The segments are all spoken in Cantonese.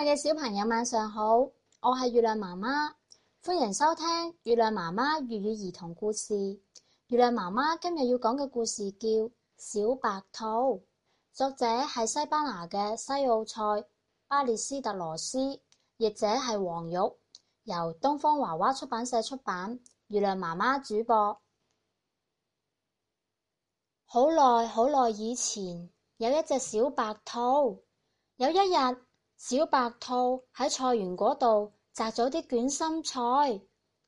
我嘅小朋友晚上好，我係月亮媽媽，歡迎收聽月亮媽媽粵語兒童故事。月亮媽媽今日要講嘅故事叫《小白兔》，作者係西班牙嘅西奧塞巴列斯特羅斯，譯者係黃玉，由東方娃娃出版社出版。月亮媽媽主播。好耐好耐以前有一隻小白兔，有一日。小白兔喺菜園嗰度摘咗啲卷心菜，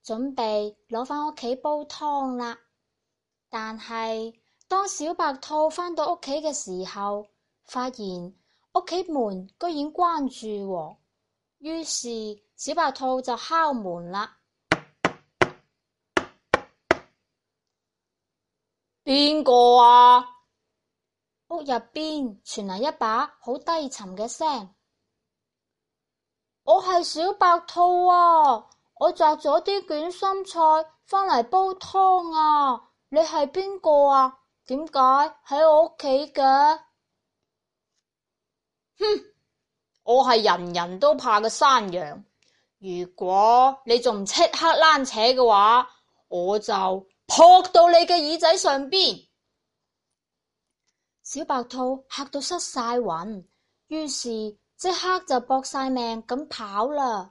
準備攞返屋企煲湯啦。但係當小白兔返到屋企嘅時候，發現屋企門居然關住喎，於是小白兔就敲門啦。邊個啊？屋入邊傳嚟一把好低沉嘅聲。我係小白兔啊！我摘咗啲卷心菜返嚟煲湯啊！你係邊個啊？點解喺我屋企嘅？哼！我係人人都怕嘅山羊。如果你仲唔即刻躝扯嘅話，我就撲到你嘅耳仔上邊。小白兔吓到失晒魂，於是。即刻就搏晒命咁跑啦！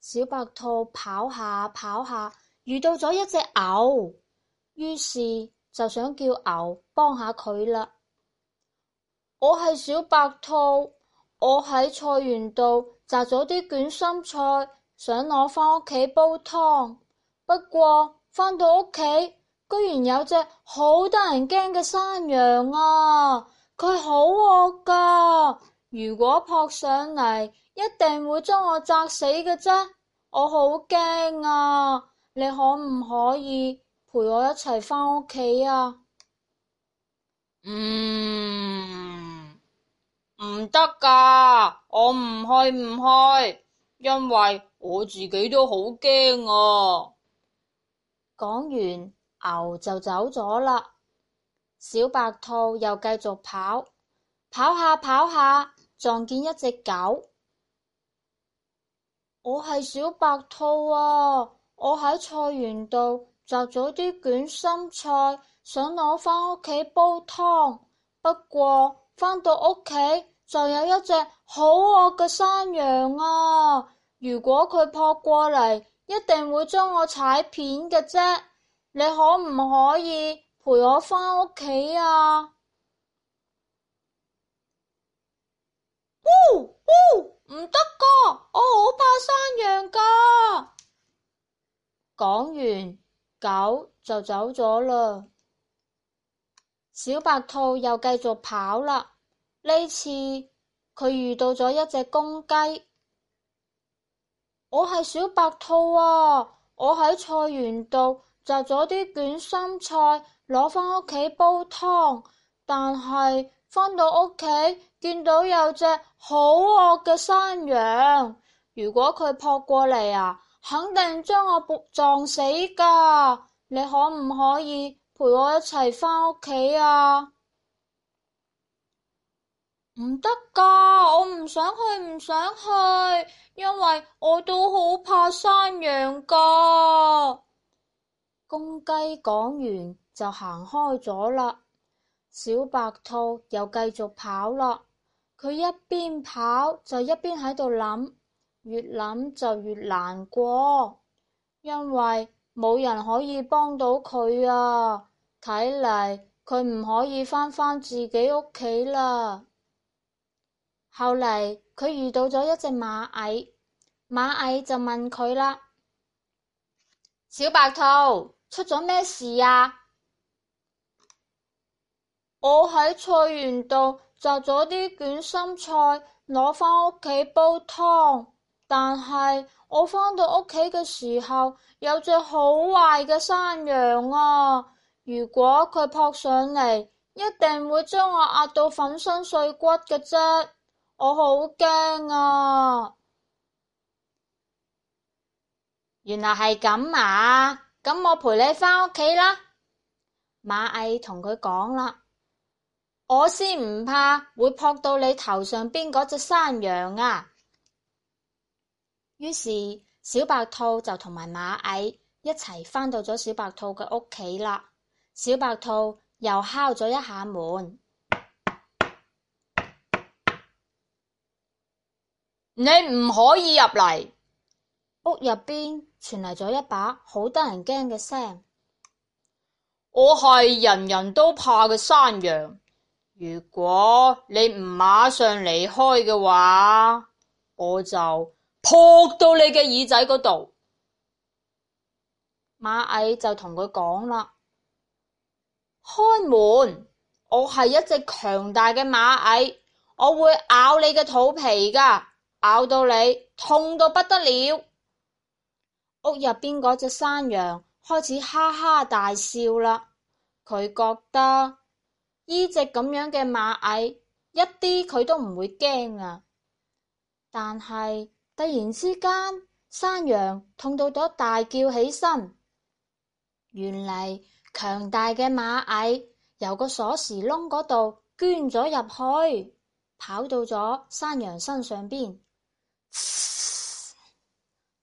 小白兔跑下跑下，遇到咗一隻牛，於是就想叫牛幫下佢啦。我係小白兔，我喺菜園度摘咗啲卷心菜，想攞返屋企煲湯。不過返到屋企，居然有隻好得人驚嘅山羊啊！佢好惡㗎。如果撲上嚟，一定會將我砸死嘅啫。我好驚啊！你可唔可以陪我一齊返屋企啊？嗯，唔得噶，我唔去唔去，因為我自己都好驚啊。講完牛就走咗啦，小白兔又繼續跑，跑下跑下。撞見一隻狗，我係小白兔啊！我喺菜園度摘咗啲卷心菜，想攞返屋企煲湯。不過返到屋企就有一隻好惡嘅山羊啊！如果佢撲過嚟，一定會將我踩扁㗎啫。你可唔可以陪我返屋企啊？嗚嗚，唔得噶，我好怕山羊噶。講完，狗就走咗啦。小白兔又繼續跑啦。呢次佢遇到咗一隻公雞。我係小白兔啊，我喺菜園度摘咗啲卷心菜，攞返屋企煲湯，但係。返到屋企，見到有隻好惡嘅山羊，如果佢撲過嚟啊，肯定將我撲撞死噶。你可唔可以陪我一齊返屋企啊？唔得噶，我唔想去，唔想去，因為我都好怕山羊噶。公雞講完就行開咗啦。小白兔又繼續跑咯，佢一邊跑就一邊喺度諗，越諗就越難過，因為冇人可以幫到佢啊！睇嚟佢唔可以返返自己屋企啦。後嚟佢遇到咗一隻螞蟻，螞蟻就問佢啦，小白兔，出咗咩事啊？我喺菜園度摘咗啲卷心菜，攞返屋企煲湯。但係我返到屋企嘅時候，有隻好壞嘅山羊啊！如果佢撲上嚟，一定會將我壓到粉身碎骨嘅啫。我好驚啊！原來係咁啊！咁我陪你返屋企啦。螞蟻同佢講啦。我先唔怕會撲到你頭上邊嗰隻山羊啊！於是小白兔就同埋螞蟻一齊返到咗小白兔嘅屋企啦。小白兔又敲咗一下門，你唔可以入嚟！屋入邊傳嚟咗一把好得人驚嘅聲。我係人人都怕嘅山羊。如果你唔馬上離開嘅話，我就撲到你嘅耳仔嗰度。螞蟻就同佢講啦：開門，我係一隻強大嘅螞蟻，我會咬你嘅肚皮㗎，咬到你痛到不得了。屋入邊嗰隻山羊開始哈哈大笑啦，佢覺得。依隻咁樣嘅螞蟻，一啲佢都唔會驚啊！但係突然之間，山羊痛到咗大叫起身，原嚟強大嘅螞蟻由個鎖匙窿嗰度捐咗入去，跑到咗山羊身上邊，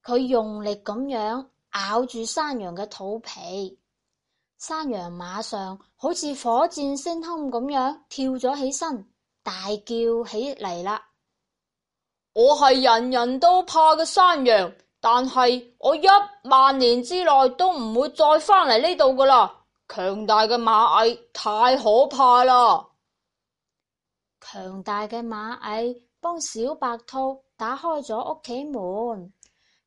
佢用力咁樣咬住山羊嘅肚皮。山羊馬上好似火箭升空咁樣跳咗起身，大叫起嚟啦！我係人人都怕嘅山羊，但係我一萬年之內都唔會再返嚟呢度噶啦！強大嘅螞蟻太可怕啦！強大嘅螞蟻幫小白兔打開咗屋企門，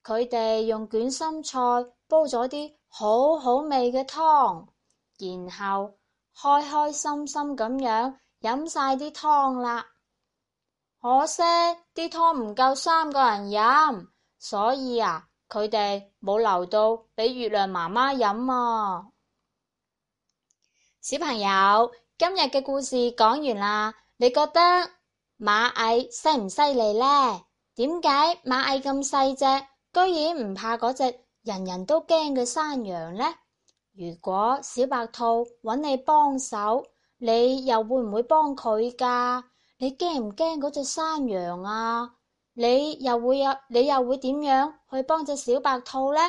佢哋用捲心菜煲咗啲。好好味嘅湯，然後開開心心咁樣飲晒啲湯啦。可惜啲湯唔夠三個人飲，所以啊，佢哋冇留到俾月亮媽媽飲啊。小朋友，今日嘅故事講完啦，你覺得螞蟻犀唔犀利呢？點解螞蟻咁細隻，居然唔怕嗰隻？人人都驚嘅山羊呢？如果小白兔揾你幫手，你又會唔會幫佢噶？你驚唔驚嗰隻山羊啊？你又會有你又會點樣去幫隻小白兔呢？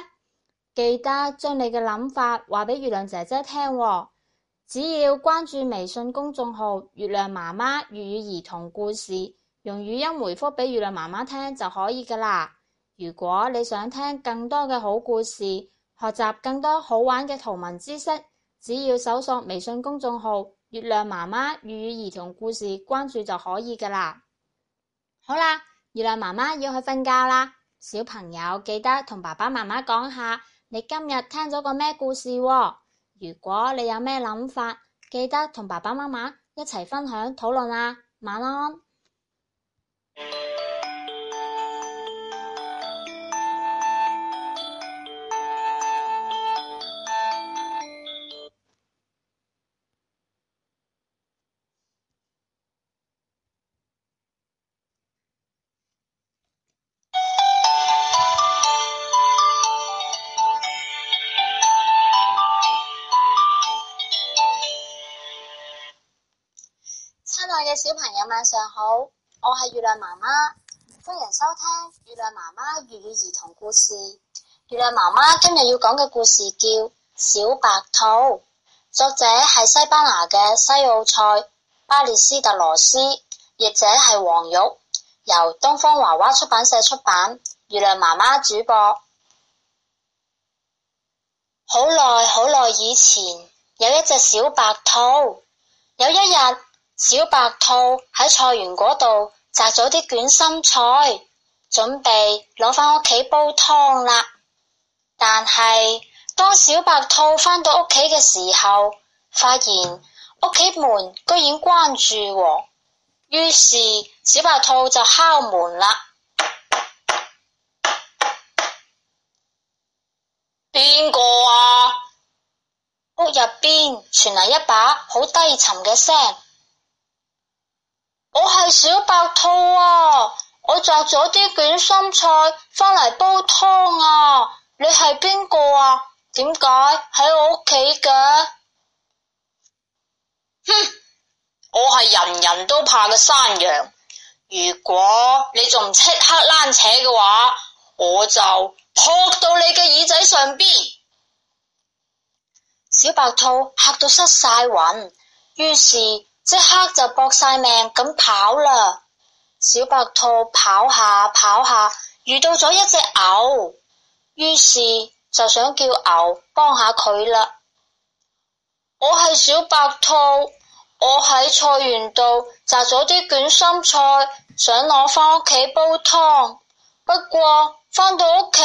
記得將你嘅諗法話俾月亮姐姐聽哦。只要關注微信公眾號“月亮媽媽粵語兒童故事”，用語音回覆俾月亮媽媽聽就可以噶啦。如果你想聽更多嘅好故事，學習更多好玩嘅圖文知識，只要搜索微信公眾號《月亮媽媽粵語兒童故事》，關注就可以噶啦。好啦，月亮媽媽要去瞓覺啦，小朋友記得同爸爸媽媽講下你今日聽咗個咩故事、哦。如果你有咩諗法，記得同爸爸媽媽一齊分享討論啊。晚安。嗯媽媽，歡迎收聽月亮媽媽粵語兒童故事。月亮媽媽今日要講嘅故事叫《小白兔》，作者係西班牙嘅西奧塞巴列斯特羅斯，譯者係黃玉，由東方娃娃出版社出版。月亮媽媽主播。好耐好耐以前有一隻小白兔，有一日小白兔喺菜園嗰度。摘咗啲卷心菜，準備攞返屋企煲湯啦。但係當小白兔返到屋企嘅時候，發現屋企門居然關住，於是小白兔就敲門啦。邊個啊？屋入邊傳嚟一把好低沉嘅聲。我係小白兔啊！我摘咗啲卷心菜返嚟煲湯啊！你係邊個啊？點解喺我屋企嘅？哼！我係人人都怕嘅山羊，如果你仲唔即刻躝扯嘅話，我就撲到你嘅耳仔上邊！小白兔嚇到失晒魂，於是。即刻就搏晒命咁跑啦！小白兔跑下跑下，遇到咗一隻牛，於是就想叫牛幫下佢啦。我係小白兔，我喺菜園度摘咗啲卷心菜，想攞返屋企煲湯。不過返到屋企，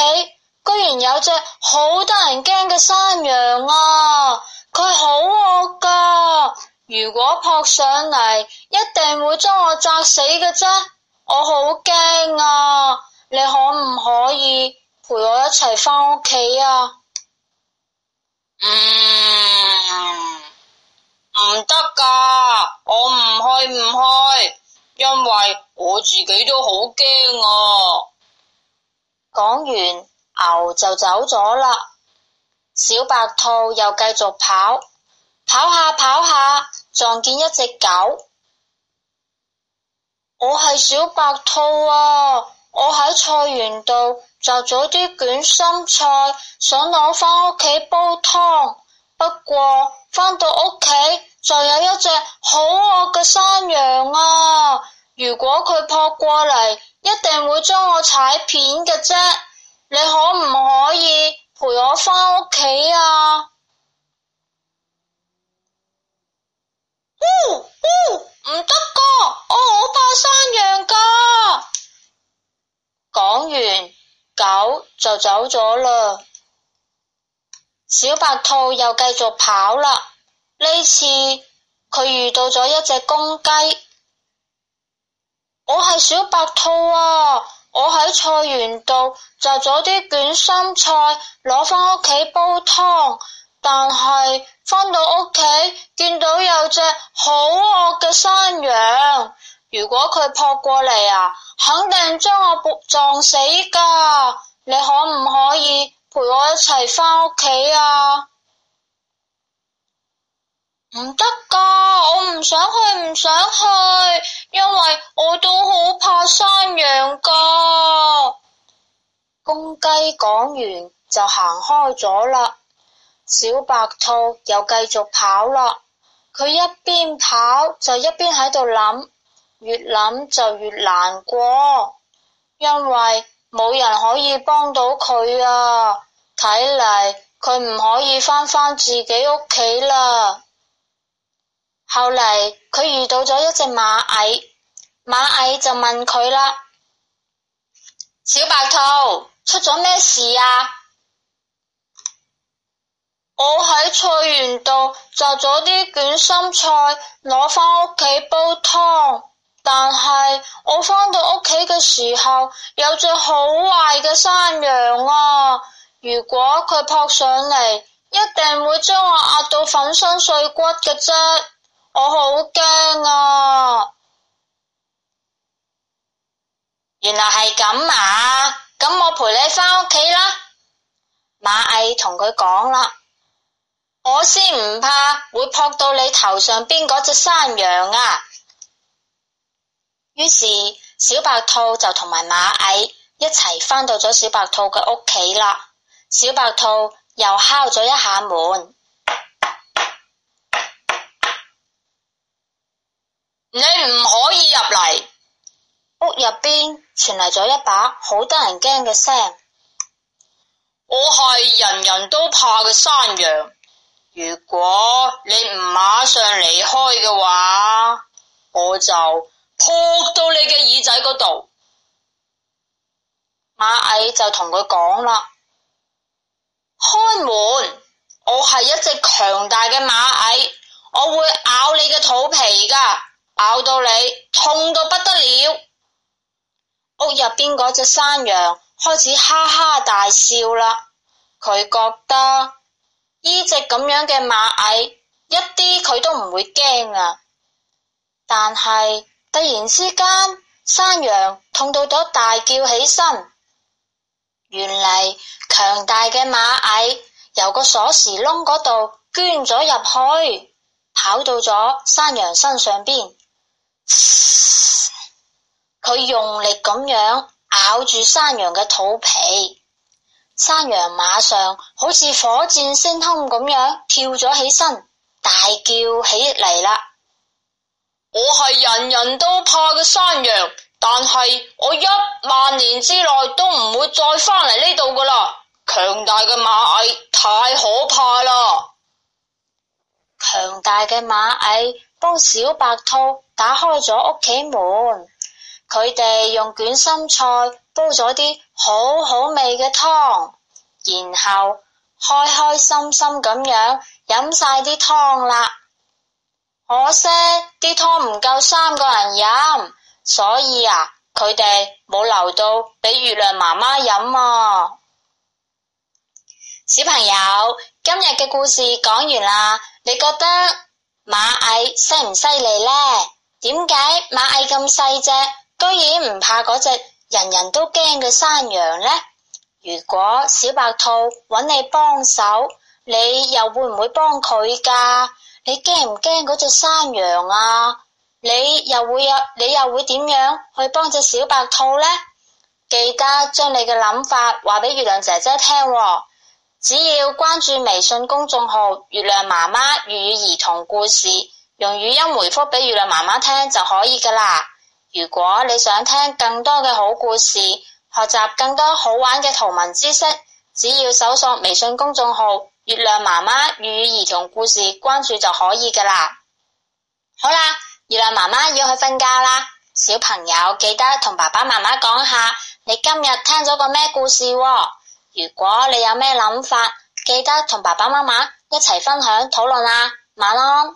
居然有隻好得人驚嘅山羊啊！佢好惡噶。如果撲上嚟，一定會將我砸死嘅啫，我好驚啊！你可唔可以陪我一齊返屋企啊？嗯，唔得㗎，我唔去唔去，因為我自己都好驚啊！講完，牛就走咗啦，小白兔又繼續跑，跑下跑下。撞見一隻狗，我係小白兔啊！我喺菜園度摘咗啲卷心菜，想攞返屋企煲湯。不過返到屋企就有一隻好惡嘅山羊啊！如果佢撲過嚟，一定會將我踩扁嘅啫！你可唔可以陪我返屋企啊？嗚嗚，唔得㗎，我好怕山羊噶。講完，狗就走咗啦。小白兔又繼續跑啦。呢次佢遇到咗一隻公雞。我係小白兔啊！我喺菜園度摘咗啲卷心菜，攞返屋企煲湯。但係返到屋企，見到有隻好惡嘅山羊，如果佢撲過嚟啊，肯定將我撞死噶。你可唔可以陪我一齊返屋企啊？唔得噶，我唔想去，唔想去，因為我都好怕山羊噶。公雞講完就行開咗啦。小白兔又繼續跑啦，佢一邊跑就一邊喺度諗，越諗就越難過，因為冇人可以幫到佢啊！睇嚟佢唔可以翻返自己屋企啦。後嚟佢遇到咗一隻螞蟻，螞蟻就問佢啦：小白兔，出咗咩事啊？我喺菜園度摘咗啲卷心菜，攞返屋企煲湯。但係我返到屋企嘅時候，有隻好壞嘅山羊啊！如果佢撲上嚟，一定會將我壓到粉身碎骨嘅啫。我好驚啊！原來係咁啊！咁我陪你返屋企啦。螞蟻同佢講啦。我先唔怕會撲到你頭上邊嗰隻山羊啊！於是小白兔就同埋螞蟻一齊返到咗小白兔嘅屋企啦。小白兔又敲咗一下門，你唔可以入嚟！屋入邊傳嚟咗一把好得人驚嘅聲，我係人人都怕嘅山羊。如果你唔馬上離開嘅話，我就撲到你嘅耳仔嗰度。螞蟻就同佢講啦：開門，我係一隻強大嘅螞蟻，我會咬你嘅肚皮㗎，咬到你痛到不得了。屋入邊嗰隻山羊開始哈哈大笑啦，佢覺得。呢隻咁樣嘅螞蟻，一啲佢都唔會驚啊！但係突然之間，山羊痛到咗大叫起身。原嚟強大嘅螞蟻由個鎖匙窿嗰度捐咗入去，跑到咗山羊身上邊，佢用力咁樣咬住山羊嘅肚皮。山羊馬上好似火箭升空咁樣跳咗起身，大叫起嚟啦！我係人人都怕嘅山羊，但係我一萬年之內都唔會再翻嚟呢度噶啦！強大嘅螞蟻太可怕啦！強大嘅螞蟻幫小白兔打開咗屋企門，佢哋用捲心菜，煲咗啲好好味嘅湯，然後開開心心咁樣飲晒啲湯啦。可惜啲湯唔夠三個人飲，所以啊，佢哋冇留到俾月亮媽媽飲啊。小朋友，今日嘅故事講完啦，你覺得螞蟻犀唔犀利呢？點解螞蟻咁細隻，居然唔怕嗰隻？人人都驚嘅山羊呢？如果小白兔揾你幫手，你又會唔會幫佢噶？你驚唔驚嗰隻山羊啊？你又會有你又會點樣去幫隻小白兔呢？記得將你嘅諗法話俾月亮姐姐聽哦。只要關注微信公眾號月亮媽媽粵語兒童故事，用語音回復俾月亮媽媽聽就可以噶啦。如果你想聽更多嘅好故事，學習更多好玩嘅圖文知識，只要搜索微信公眾號《月亮媽媽與兒童故事》，關注就可以噶啦。好啦，月亮媽媽要去瞓覺啦，小朋友記得同爸爸媽媽講下你今日聽咗個咩故事喎。如果你有咩諗法，記得同爸爸媽媽一齊分享討論啊。晚安。